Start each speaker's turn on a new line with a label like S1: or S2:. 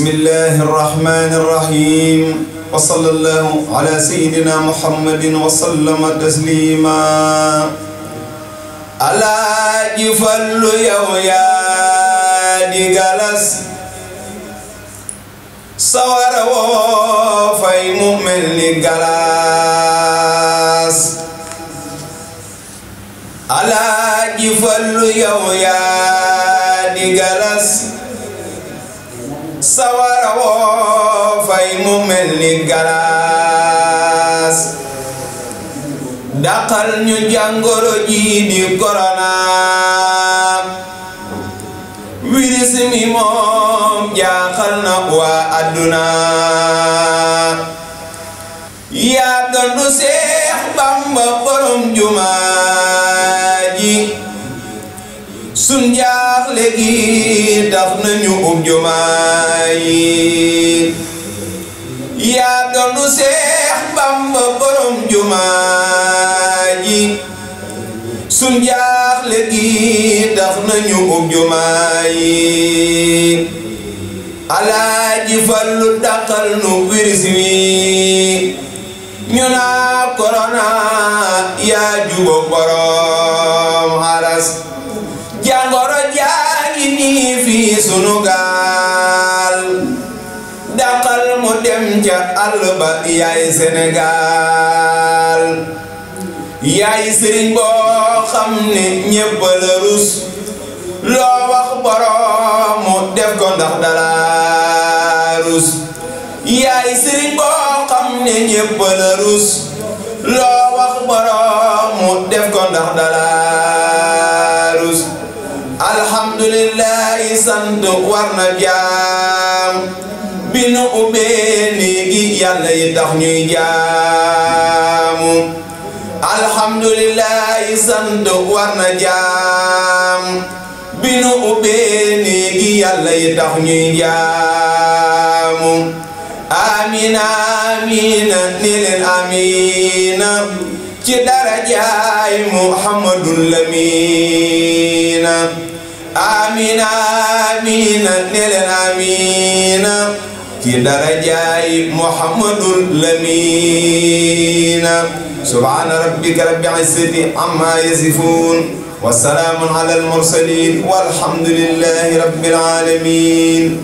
S1: بسم الله الرحمن الرحيم وصلى الله على سيدنا محمد وسلم تسليما على جفل يويا ديغالاس سوار وفاي مؤمن لغالاس على جفل يويا sawara woo fay mu mel ni galaas daqal ñu jàngoro ji di corona virus mi moom jaaxal na waa adduna yaa dondu Seex Bamba borom jumaa ji léegi gi tax nañu ub um jumaa yi yaa doonu Seex Bamba borom jumaa ji sun jaaxle gi tax nañu ub um jumaa yi alaaji fallu dàqal nu wiris wi ñu naa korona yaa juba borom xaras jàngoro ci sunu gaal daqal mu dem ca àll ba yaay Sénégal yaay sëriñ boo xam ne ñépp la rus loo wax borom mu def ko ndax dala rus yaay sëriñ boo xam ne ñépp la rus loo wax borom mu def ko ndax dala sant war na jaam bi nu ubbee néegi yàlla yi yi tax jaamu amina amina ni leen amina ci darajaay muhammadul lamina amina amina ne leen amina ci darajaay muhammadul lamina subhaana rabbika rabbil izzati amma yasifun wa salaamun ala al mursalin walhamdulillahi rabbil alamin